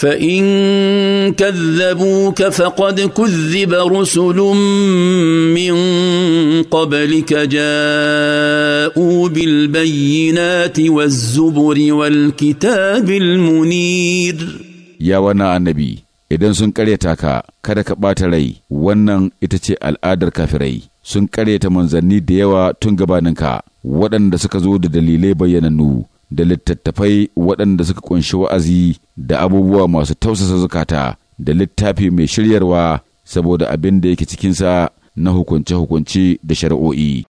فإن كذبوك فقد كذب رسل من قبلك جاءوا بالبينات والزبر والكتاب المنير يا ونا النبي idan sun karyata ka kada ka ɓata rai wannan ita ce al'adar kafirai sun karyata manzanni da yawa tun gabaninka waɗanda suka zo da dalilai bayyanannu da littattafai waɗanda suka ƙunshi wa'azi da abubuwa masu tausasa zukata da littafi mai shiryarwa saboda abin da yake cikinsa na hukunce-hukunce da shari'o'i.